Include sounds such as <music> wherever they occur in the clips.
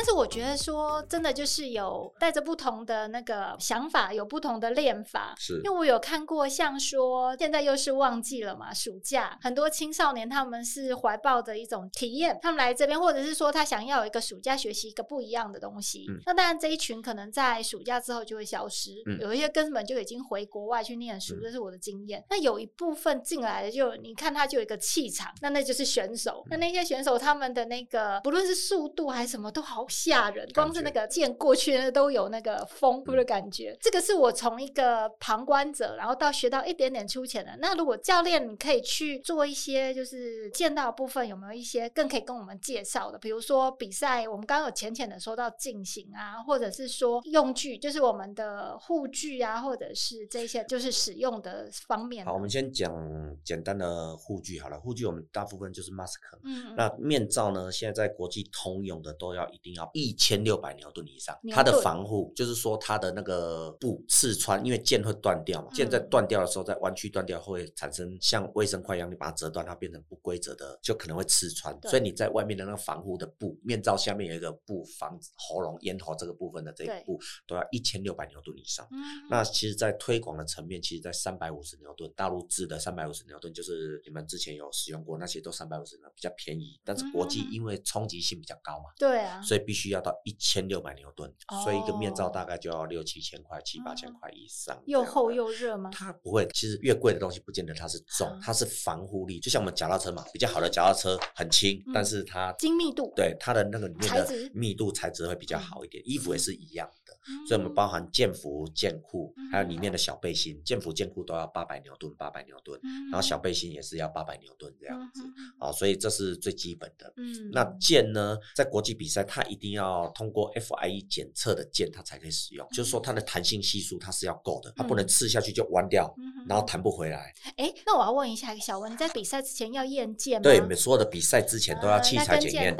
但是我覺得說，真的就是有帶着不同的那個想法，有不同的練法。是，因為我有看過，像說現在又是旺季了嘛，暑假很多青少年他們是懷抱着一種體驗，他們來這邊，或者是說他想要有一個暑假學習一個不一樣的東西、嗯。那當然這一群可能在暑假之後就會消失，嗯、有一些根本就已經回國外去念書、嗯，這是我的經驗。那有一部分進來的就，就你看他就有一個氣場，那那就是選手、嗯。那那些選手他們的那個，不論是速度還是什麼都好。嚇人，光是那個劍過去那都有那個風呼的感覺、嗯。這個是我從一個旁觀者，然後到學到一點點粗淺的。那如果教練，你可以去做一些，就是劍道部分有沒有一些更可以跟我們介紹的？比如說比賽，我們剛剛有淺淺的說到進行啊，或者是說用具，就是我們的護具啊，或者是這些就是使用的方面的。好，我們先講簡單的護具好了。護具我們大部分就是 mask，嗯，嗯，那面罩呢，現在在國際通用的都要一定要，一千六百牛頓以上，它的防護就是說它的那個布刺穿，因為劍會斷掉嘛，劍在斷掉的時候在彎曲斷掉，會產生像衛生筷一樣，你把它折斷，它變成不規則的，就可能會刺穿。所以你在外面的那個防護的布面罩下面有一個布防喉嚨咽喉這個部分的這個布都要一千六百牛頓以上、嗯。那其實，在推廣的層面，其實在三百五十牛頓，大陸制的三百五十牛頓就是你們之前有使用過那些都三百五十牛，比較便宜。但是國際因為衝擊性比較高嘛，對啊，所以。必須要到一千六百牛頓、哦，所以一個面罩大概就要六七千塊、嗯、七八千塊以上。又厚又熱嗎？它不會，其實越貴的東西不見得它是重，嗯、它是防護力。就像我們腳踏車嘛，比較好的腳踏車很輕、嗯，但是它精密度、呃、對它的那個裡面的密度材質會比較好一點。衣服也是一樣的，嗯、所以我們包含劍服、劍褲，還有裡面的小背心、劍服、劍褲都要八百牛頓，八百牛頓、嗯，然後小背心也是要八百牛頓這樣子。好、嗯哦，所以這是最基本的。嗯，那劍呢，在國際比賽它一定一定要通過 FIE 檢測的劍，它才可以使用。就是說，它的彈性係數它是要夠的，它不能刺下去就彎掉，然後彈不回來。哎，那我要問一下小文，你在比賽之前要驗劍嗎？對，所有的比賽之前都要器材檢驗。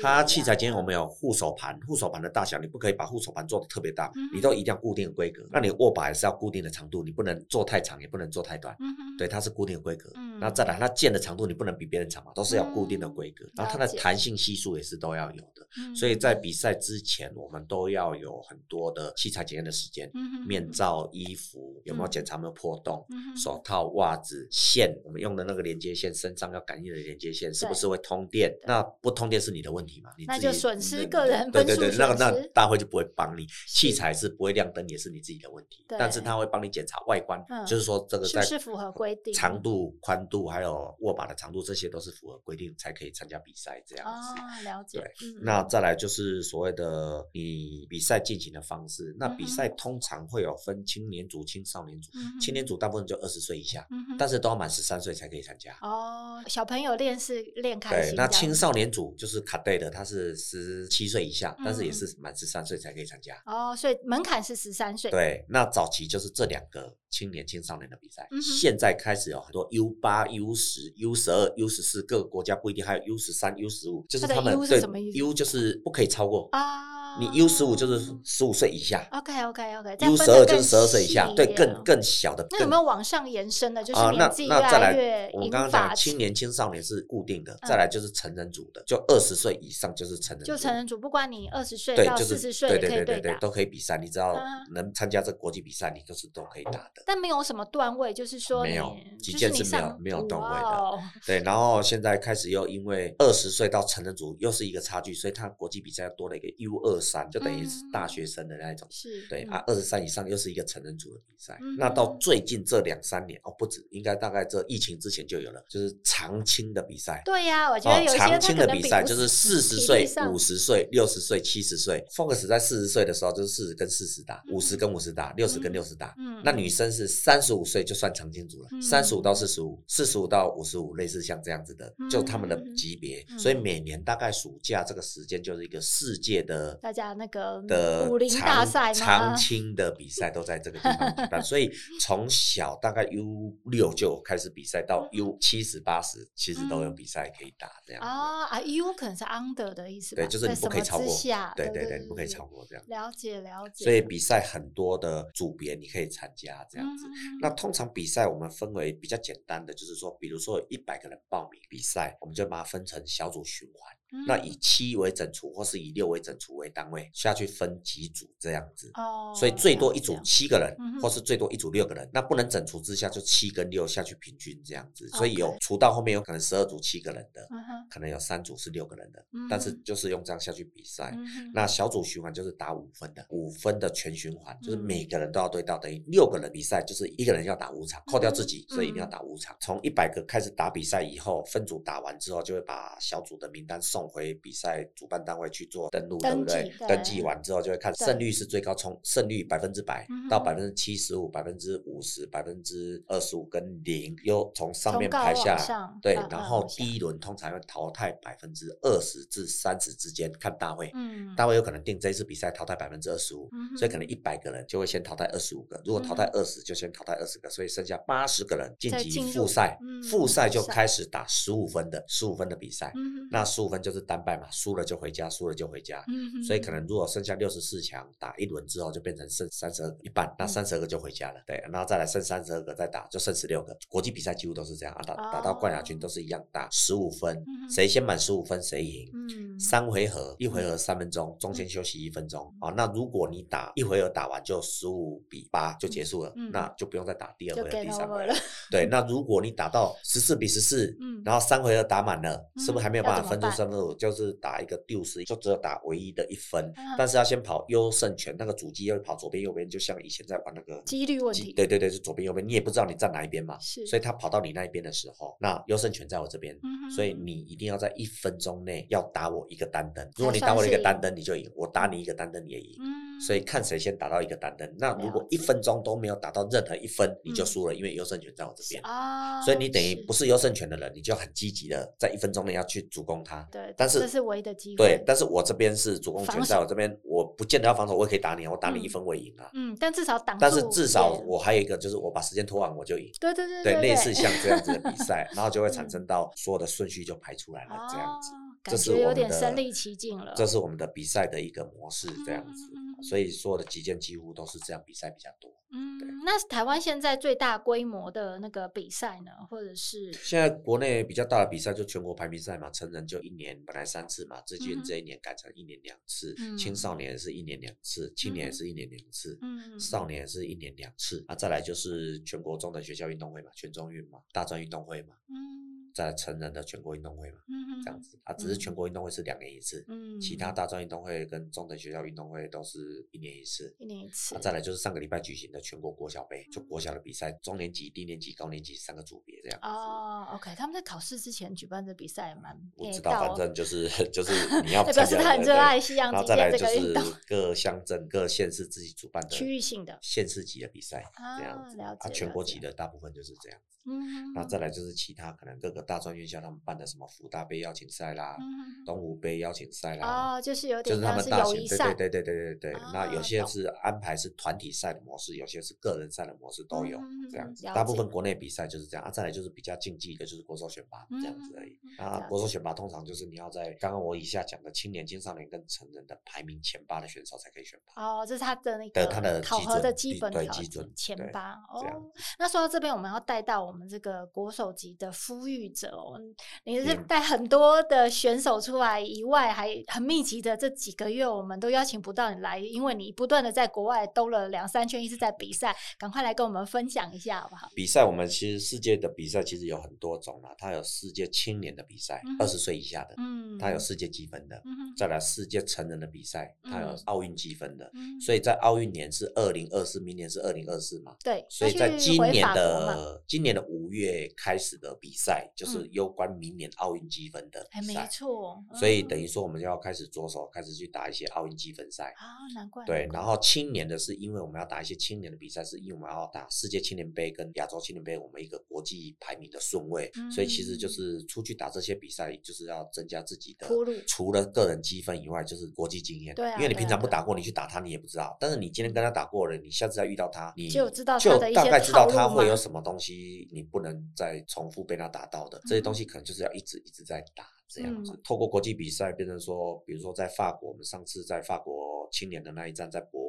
它器材檢驗，我們有護手盤，護手盤的大小你不可以把護手盤做的特別大，你都一定要固定的規格。那你握把也是要固定的長度，你不能做太長，也不能做太短。對，它是固定的規格。嗯。那再來，那劍的長度你不能比別人長嘛，都是要固定的規格、嗯。然後它的彈性係數也是都要有的、嗯。所以在比賽之前，我們都要有很多的器材檢驗的時間。嗯、面罩、嗯、衣服有沒有檢查沒有破洞、嗯、手套、襪子、線，我們用的那個連接線，身上要感應的連接線是不是會通電？那不通電是你的問題嘛？你自己損失個人分數。對對對，那那大會就不會幫你。器材是不會亮燈，也是你自己的問題。但是他會幫你檢查外觀，嗯、就是說這個在是不是符合規定。長度寬度度還有握把的長度，這些都是符合規定才可以參加比賽。這樣子，啊、哦，了解。對嗯嗯，那再來就是所謂的你比賽進行的方式。嗯、那比賽通常會有分青年組、青少年組。嗯、青年組大部分就二十歲以下、嗯，但是都要滿十三歲才可以參加。哦，小朋友練是練開心。對，那青少年組就是卡戴的，他是十七歲以下、嗯，但是也是滿十三歲才可以參加、嗯。哦，所以門檻是十三歲。對，那早期就是這兩個青年、青少年的比賽、嗯。現在開始有很多 U 八。U 十、U 十二、U 十四，各個國家不一定，還有 U 十三、U 十五，就是他們 U, 是 U 就是不可以超過。啊。你 U 十五就是十五歲以下，OK OK OK。U 十二就是十二歲以下，對，更更小的更。那有沒有往上延伸的？就是越來越、啊、那年紀越大，我們剛剛講青年青少年是固定的、嗯，再來就是成人組的，就二十歲以上就是成人組。就成人組，不管你二十歲到四十歲，對，就是，對，對對對對，都可以比賽。你知道能參加這國際比賽，你都是都可以打的、嗯。但沒有什麼段位，就是說你沒，有擊劍是沒有，就是沒有沒有段位的。對，然後現在開始又因為二十歲到成人組又是一個差距， <laughs> 所以他國際比賽又多了一個 U 二。三就等於是大學生的那一種，嗯、對是、嗯、啊，二十三以上又是一個成人組的比賽、嗯。那到最近這兩三年哦，不止，應該大概這疫情之前就有了，就是長青的比賽。對呀、啊，我覺得有些、哦、長青的比賽就是四十歲、五十歲、六十歲、七十歲。Fox 在四十歲的時候就是四十跟四十打，五、嗯、十跟五十打，六十跟六十打、嗯。那女生是三十五歲就算常青組了，三十五到四十五，四十五到五十五，類似像這樣子的，嗯、就他們的級別、嗯。所以每年大概暑假這個時間就是一個世界的。家那個的武林大賽常、啊、青的比賽都在這個地方舉辦 <laughs> 所以從小大概 U 六就開始比賽， <laughs> 到 U 七十八十其實都有比賽可以打這樣子的、嗯。啊啊，U 可能是 under 的意思，對，就是你不可以超過對對對對對對，對對對，你不可以超過這樣。了解了解，所以比賽很多的組別你可以參加這樣子。嗯、那通常比賽我們分為比較簡單的，就是說，嗯、比如說有一百個人報名比賽，我們就把它分成小組循環。嗯、那以七為整除，或是以六為整除為單位下去分幾組這樣子，oh, 所以最多一組七個人、嗯，或是最多一組六個人。嗯、那不能整除之下，就七跟六下去平均這樣子。所以有、okay. 除到後面有可能十二組七個人的，uh -huh、可能有三組是六個人的，嗯、但是就是用這樣下去比賽、嗯。那小組循環就是打五分的，五分的全循環、嗯、就是每個人都要對到，等於六個人比賽就是一個人要打五場、嗯，扣掉自己，所以一定要打五場。從一百個開始打比賽以後，分組打完之後就會把小組的名單送。回比賽主辦單位去做登錄，對不對？登記完之後就會看勝率是最高，從勝率百分之百到百分之七十五、百分之五十、百分之二十五跟零、嗯，又從上面排下來，對。然後第一輪通常要淘汰百分之二十至三十之間看大會、嗯，大會有可能定這一次比賽淘汰百分之二十五，所以可能一百個人就會先淘汰二十五個、嗯，如果淘汰二十就先淘汰二十個、嗯，所以剩下八十個人晉級複賽，嗯、複賽就開始打十五分的，十五分的比賽，嗯、那十五分就。就是單敗嘛，輸了就回家，輸了就回家。嗯，嗯，所以可能如果剩下六十四強打一輪之後，就變成剩三十二個一半，那三十二個就回家了。對，然後再來剩三十二個再打，就剩十六個。國際比賽幾乎都是這樣啊，打、哦、打到冠亞軍都是一樣打十五分，誰、嗯嗯、先滿十五分誰贏。嗯，三回合，一回合三分鐘、嗯，中間休息一分鐘啊、哦。那如果你打一回合打完就十五比八就結束了、嗯，那就不用再打第二回合、第三回合了。對，那如果你打到十四比十四、嗯，然後三回合打滿了、嗯，是不是還沒有辦法分出勝負？就是打一個 deuce 就只有打唯一的一分、嗯，但是要先跑優勝權，那個主機要跑左邊右邊，就像以前在玩那個機率問題，對對對，是左邊右邊，你也不知道你站哪一邊嘛，所以他跑到你那一邊的時候，那優勝權在我這邊、嗯，所以你一定要在一分鐘內要打我一個單燈，如果你打我一個單燈，你就贏；我打你一個單燈，你也贏。嗯所以看誰先打到一個單燈。那如果一分鐘都沒有打到任何一分，嗯、你就輸了，因為優勝權在我這邊、哦。所以你等於不是優勝權的人，你就很積極的在一分鐘內要去主攻他。對。對但是這是唯一的機會。對。但是我這邊是主攻權在我這邊我不見得要防守，我也可以打你，我打你一分我贏了嗯。嗯，但至少擋住，但是至少我還有一個，就是我把時間拖完我就贏。對對對,對對對對。類似像這樣子的比賽， <laughs> 然後就會產生到所有的順序就排出來了這樣子。哦、這是我的感覺有點身臨其境了。這是我們的比賽的一個模式這樣子。嗯嗯所以，所有的擊劍幾乎都是這樣，比賽比較多。對，嗯，那是台灣現在最大規模的那個比賽呢，或者是現在國內比較大的比賽，就全國排名賽嘛，成人就一年本來三次嘛，最近這一年改成一年兩次、嗯，青少年是一年兩次，青年是一年兩次，嗯，少年是一年兩次、嗯、次，啊，再來就是全國中等學校運動會嘛，全中運嘛，大專運動會嘛，嗯。在成人的全國運動會嘛，這樣子啊，只是全國運動會是兩年一次，嗯、其他大專運動會跟中等學校運動會都是一年一次，一年一次。啊、再來就是上個禮拜舉行的全國國小杯，就國小的比賽，中年級、低年級、高年級三個組別這樣子。哦，OK，他們在考試之前舉辦的比賽也蠻我知道，反正就是就是你要表示 <laughs> 很熱愛西洋，然後再來就是各鄉鎮、各縣市自己主辦的區域性的縣市級的比賽，這樣子啊。啊，全國級的大部分就是這樣子，嗯，那、啊、再來就是其他可能各個。大專院校，他們辦的什麼福大盃邀請賽啦，嗯、東湖盃邀請賽啦，哦、嗯，就是有點就是友誼賽，對對對對對對，對，對、嗯。那有些是安排是團體賽的模式，嗯，有，有些是個人賽的模式都有這樣子。嗯、大部分國內比賽就是這樣啊。再來就是比較競技的，就是國手選拔這樣子而已啊。嗯嗯、那國手選拔通常就是你要在剛剛我以下講的青年、青少年跟成人的排名前八的選手才可以選拔。哦，這、就是他的那個考核的他的基本的基本前對基準前八哦。那說到這邊，我們要帶到我們這個國手級的夫域。者、嗯、哦，你是帶很多的選手出來以外，還很密集的這幾個月，我們都邀請不到你來，因為你不斷的在國外兜了兩三圈，一直在比賽。趕快來跟我們分享一下，好不好？比賽，我們其實世界的比賽其實有很多種啦，它有世界青年的比賽，二十歲以下的，嗯，它有世界積分的、嗯，再來世界成人的比賽，它有奧運積分的、嗯，所以在奧運年是二零二四，明年是二零二四嘛，對，所以在今年的今年的五月開始的比賽，就是有關明年奧運積分的，沒錯，所以等於說我們就要開始着手，開始去打一些奧運積分賽啊，難怪對。然後青年的是，因為我們要打一些青年的比賽，是因為我們要打世界青年杯跟亞洲青年杯，我們一個國際排名的順位，所以其實就是出去打這些比賽，就是要增加自己的除了個人積分以外，就是國際經驗。對，因為你平常不打過，你去打他，你也不知道。但是你今天跟他打過了，你下次再遇到他，你就知道就大概知道他會有什麼東西，你不能再重複被他打到。這些東西可能就是要一直一直在打這樣子，透過國際比賽變成說，比如說在法國，我們上次在法國青年的那一站，在播。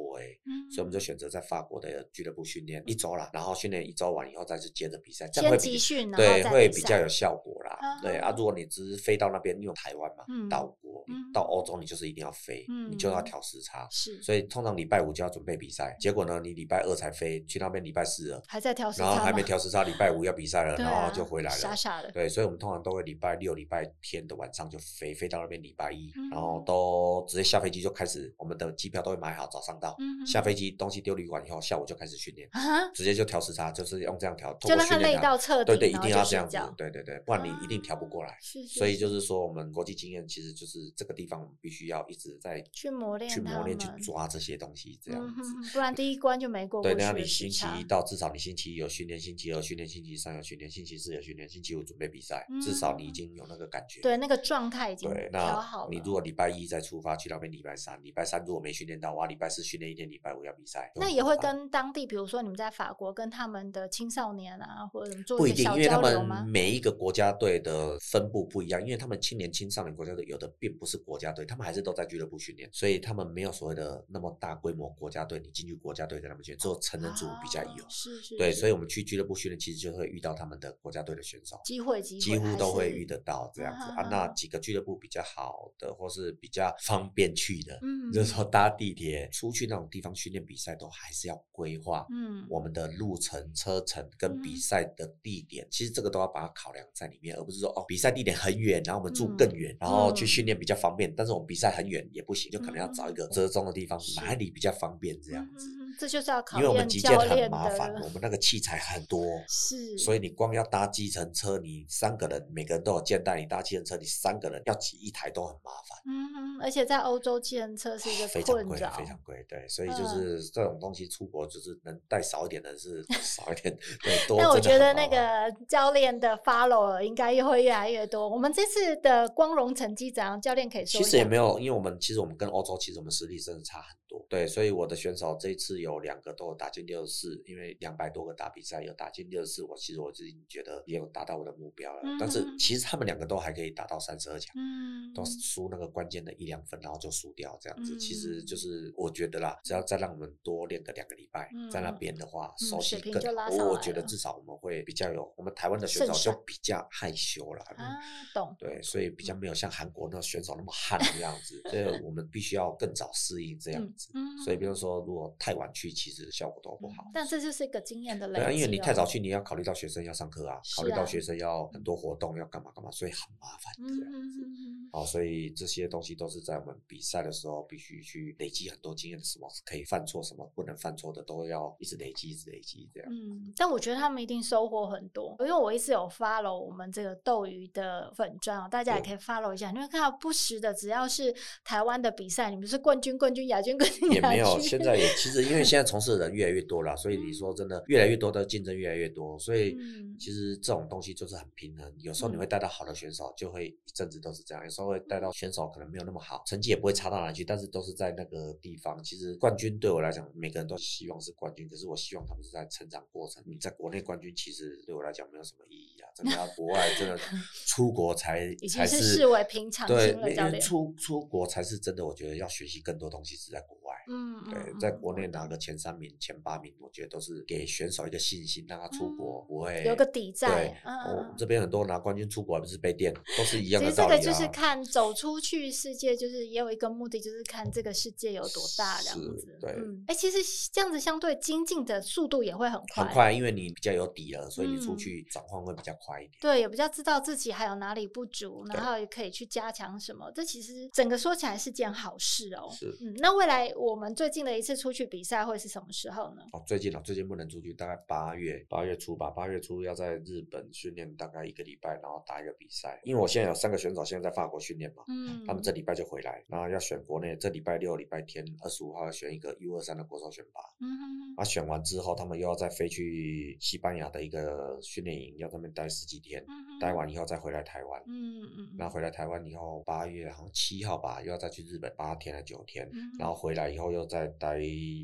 嗯、所以我們就選擇在法國的俱樂部訓練一周啦，然後訓練一周完以後再去接着比賽，先集訓，對，會比較有效果啦。對啊，對啊，如果你只是飛到那邊，因為台灣嘛，島、嗯、國、嗯、到歐洲，你就是一定要飛，嗯、你就要調時差。是，所以通常禮拜五就要準備比賽，結果呢，你禮拜二才飛去那邊，禮拜四了還在調時差，然後還沒調時差，禮拜五要比賽了、 <laughs> 啊，然後就回來了，傻傻的。對，所以我們通常都會禮拜六、禮拜天的晚上就飛，飛到那邊禮拜一、嗯，然後都直接下飛機就開始，我們的機票都會買好，早上到。嗯下飛機東西丟旅館以後，下午就開始訓練、啊，直接就調時差，就是用這樣調，就讓他累到徹底，對，對對，一定要這樣，這樣子，對對對，不然你一定調不過來。啊、是是是，所以就是說，我們國際經驗其實就是這個地方，我們必須要一直在去磨練，去磨練，去抓這些東西，這樣子、嗯，不然第一關就沒過、過。對，那樣你星期一到，至少你星期一有訓練，星期二訓練，星期三有訓練，星期四有訓練，星期五準備比賽，至少你已經有那個感覺，嗯、對，那個狀態已經調好了。對，那你如果禮拜一再出發去那邊，禮拜三、禮拜三如果沒訓練到的話，哇，禮拜四訓練。今天禮拜五要比賽，那也會跟當地，比如說你們在法國，跟他們的青少年啊，或者怎麼做。不一定，因為他們每一個國家隊的分布不一樣，因為他們青年青少年國家隊有的並不是國家隊，他們還是都在俱樂部訓練，所以他們沒有所謂的那麼大規模國家隊。你進去國家隊跟他們訓練，只有成人組比較有，啊、是是，是，對。所以我們去俱樂部訓練，其實就會遇到他們的國家隊的選手，機會，機會幾乎都會遇得到這樣子。啊，啊那幾個俱樂部比較好的，或是比較方便去的，嗯，就是、說搭地鐵出去呢。那種地方訓練比賽都還是要規劃，嗯，我們的路程、嗯、車程跟比賽的地點、嗯，其實這個都要把它考量在裡面，而不是說哦，比賽地點很遠，然後我們住更遠、嗯，然後去訓練比較方便、嗯，但是我們比賽很遠也不行、嗯，就可能要找一個折中的地方、哦，是。哪裡比較方便這樣子。嗯嗯嗯這就是要考驗教練的。因為我們擊劍很麻煩，我們那個器材很多，是，所以你光要搭計程車，你三個人每個人都有劍袋，你搭計程車你三個人要擠一台都很麻煩。嗯，而且在歐洲計程車是一個非常貴，的。非常貴，對，所以就是、嗯、這種東西出國就是能帶少一點的是 <laughs> 少一點，對。多 <laughs> 那我覺得那個教練的 follow 應該會越來越多。我們這次的光榮成績，怎樣教練可以說？其實也沒有，因為我們其實我們跟歐洲其實我們實力真的差很多，對，所以我的選手這一次。有兩個都有打進六十四，因為兩百多個打比賽有打進六十四，我其實我自己覺得也有達到我的目標了。嗯、但是其實他們兩個都還可以打到三十二強，嗯，都輸那個關鍵的一兩分，然後就輸掉這樣子、嗯。其實就是我覺得啦，只要再讓我們多練個兩個禮拜、嗯，在那邊的話、嗯，熟悉更、多、嗯哦。我覺得至少我們會比較有。我們台灣的選手就比較害羞了、嗯啊。懂，對，所以比較沒有像韓國那選手那麼悍這樣子， <laughs> 所以我們必須要更早適應這樣子、嗯。所以比如說如果太晚。去其實效果都不好，嗯、但是就是一個經驗的累積、哦。因為你太早去，你要考慮到學生要上課啊，啊，考慮到學生要很多活動、嗯、要幹嘛幹嘛，所以很麻煩這樣子、嗯嗯嗯嗯。好，所以這些東西都是在我們比賽的時候必須去累積很多經驗的時候。什麼可以犯錯，什麼不能犯錯的，都要一直累積，一直累積這樣。嗯，但我覺得他們一定收穫很多，因為我一直有 follow 我們這個鬥魚的粉專哦，大家也可以 follow 一下，你會看到不時的只要是台灣的比賽，你們是冠軍、冠軍、亞軍、冠軍也沒有。 <laughs> 現在也其實因為。現在從事的人越來越多了，所以你說真的，越來越多的競爭，越來越多，所以其實這種東西就是很平衡。有時候你會帶到好的選手，就會一陣子都是這樣，有時候會帶到選手可能沒有那麼好，成績也不會差到哪裡去，但是都是在那個地方。其實冠軍對我來講，每個人都希望是冠軍，可是我希望他們是在成長過程。你在國內冠軍，其實對我來講沒有什麼意義。真的要國外真的出國才 <laughs> 才是視為平常。對，那邊出出國才是真的。我覺得要學習更多東西是在國外。嗯，對，嗯、在國內拿個前三名、嗯、前八名，我覺得都是給選手一個信心，讓他出國、嗯、不會有個底。在。我、嗯喔、這邊很多拿冠軍出國還不是被電，都是一樣的道理、啊。其實這個就是看走出去世界，就是也有一個目的，就是看這個世界有多大。這樣子，對。哎、嗯欸，其實這樣子相對精進的速度也會很快，很快，因為你比較有底了，所以你出去轉換會比較快。嗯對，也比較知道自己還有哪裡不足，然後也可以去加強什麼。這其實整個說起來是件好事哦。是、嗯。那未來我們最近的一次出去比賽會是什麼時候呢？哦，最近了、哦，最近不能出去，大概八月八月初吧。八月初要在日本訓練大概一個禮拜，然後打一個比賽。因為我現在有三個選手，現在在法國訓練嘛。嗯。他們這禮拜就回來，然後要選國內，這禮拜六、禮拜天，二十五號要選一個 U 二三的國手選拔。嗯哼。啊，選完之後，他們又要再飛去西班牙的一個訓練營，要他們待。十幾天。待完以後再回來台灣，嗯嗯，那回來台灣以後，八月好像七號吧，又要再去日本八天還是九天、嗯，然後回來以後又再待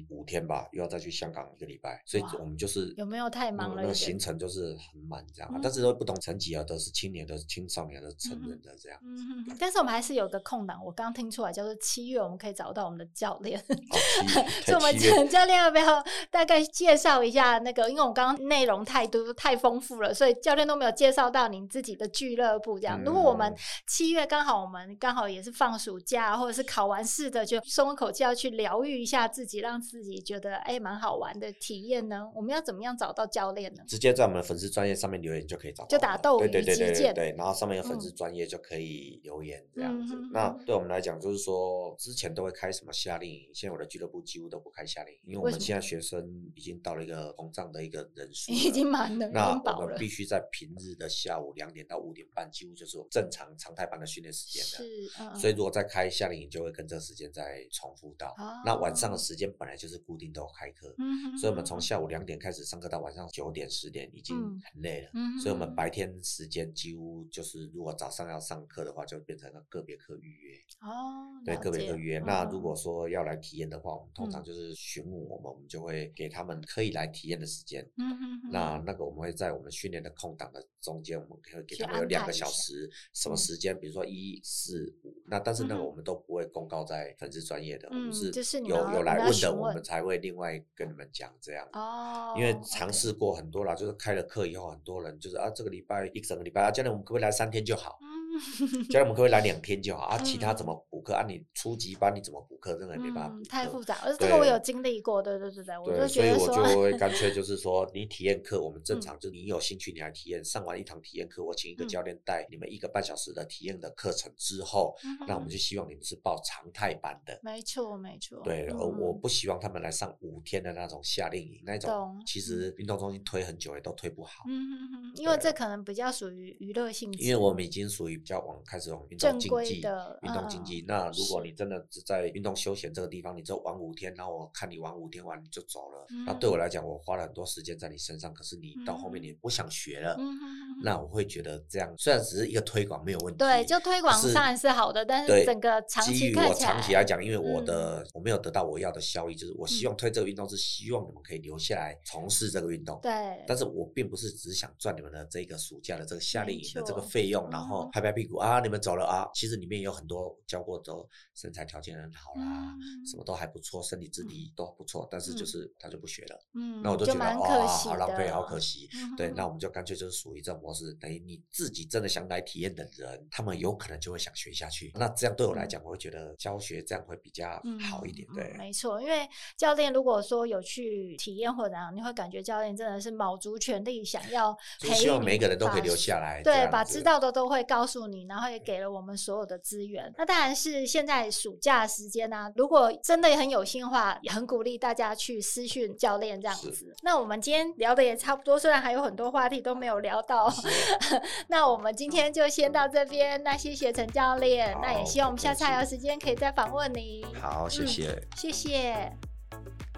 五天吧，又要再去香港一個禮拜，所以我們就是有沒有太忙了、嗯？那個行程就是很滿這樣、嗯，但是都不同層級啊，都是青年都是青少年都是成人的這樣、嗯嗯。但是我們還是有個空檔，我剛剛聽出來叫做七月，我們可以找到我們的教練。好、哦， <laughs> 所以我們陳教練要不要大概介紹一下那個？因為我剛剛內容太多太豐富了，所以教練都沒有介紹到你。自己的俱樂部這樣、嗯，如果我們七月剛好我們剛好也是放暑假，或者是考完試的，就鬆口氣要去療癒一下自己，讓自己覺得哎蠻、欸、好玩的體驗呢。我們要怎麼樣找到教練呢？直接在我們粉絲專業上面留言就可以找到。就打鬥魚擊劍，對對對對，然後上面有粉絲專業就可以留言這樣子。嗯、那對我們來講，就是說之前都會開什麼夏令營，現在我的俱樂部幾乎都不開夏令營，因為我們現在學生已經到了一個膨脹的一個人數，已經滿了，那我們必須在平日的下午。兩點到五點半，幾乎就是我正常常態班的訓練時間了、啊。所以如果再開夏令營，就會跟這個時間再重複到、哦。那晚上的時間本來就是固定都開課、嗯，所以我們從下午兩點開始上課到晚上九點十點已經很累了、嗯。所以我們白天時間幾乎就是，如果早上要上課的話，就變成個別課預約、哦。對，個別課預約、嗯。那如果說要來體驗的話，我們通常就是詢問我們、嗯，我們就會給他們可以來體驗的時間、嗯。那那個我們會在我們訓練的空檔的中間，我們給他們有兩個小時，什麼時間、嗯？比如說一、四、五，那但是那個我們都不會公告在粉絲專頁的、嗯，我們是有是有來問的問，我們才會另外跟你們講這樣。哦，因為嘗試過很多了、嗯，就是開了課以後，很多人就是啊，這個禮拜一整個禮拜啊，教練我們可不可以來三天就好？嗯教練，我們可，可以來兩天就好啊！其他怎麼補課？按、嗯啊、你初級班你怎麼補課，真的也沒辦法、嗯，太複雜。而這個我有經歷過，對對對對，對就對，我就覺得說，對，所以我就會乾脆就是說， <laughs> 你體驗課我們正常，就你有興趣你來體驗、嗯。上完一堂體驗課，我請一個教練帶你們一個半小時的體驗的課程之後、嗯，那我們就希望你們是報常態班的。沒、嗯、錯，沒錯。對、嗯，而我不希望他們來上五天的那種夏令營那種。懂。其實運動中心推很久也都推不好。嗯、因為這可能比較屬於娛樂性質，因為我們已經屬於。叫往開始往、哦、運動競技，運動競技、嗯。那如果你真的只在運動休閒這個地方，嗯、你只玩五天，然後我看你玩五天完你就走了。嗯、那對我來講，我花了很多時間在你身上，可是你到後面你不想學了，嗯、那我會覺得這樣雖然只是一個推廣沒有問題，對，就推廣當然是好的，但是整個長期基於我長期來講，因為我的、嗯、我沒有得到我要的效益，就是我希望推這個運動、嗯、是希望你們可以留下來從事這個運動，對。但是我並不是只想賺你們的這個暑假的這個夏令營的這個費用，然後還不。屁股啊！你們走了啊！其實裡面有很多教過都身材條件很好啦，嗯，什麼都還不錯，身體質地都不錯，但是就是他就不學了。嗯，那我都覺得就可惜哦好、啊啊、浪費，好可惜，嗯。對，那我們就乾脆就是屬於這種模式，嗯嗯，等於你自己真的想來體驗的人，他們有可能就會想學下去。嗯，那這樣對我來講，嗯，我會覺得教學這樣會比較好一點。嗯，對，嗯嗯，沒錯，因為教練如果說有去體驗或者怎樣，你會感覺教練真的是卯足全力想要陪你。就是，希望每個人都可以留下來。對，把知道的都會告訴。然後也給了我們所有的資源。那當然是現在暑假時間呢、啊，如果真的也很有心的話，也很鼓勵大家去私訊教練這樣子。那我們今天聊的也差不多，雖然還有很多話題都沒有聊到。謝謝 <laughs> 那我們今天就先到這邊、嗯，那謝謝陳教練，那也希望我們下次還有時間可以再訪問你。好，謝謝，嗯、謝謝。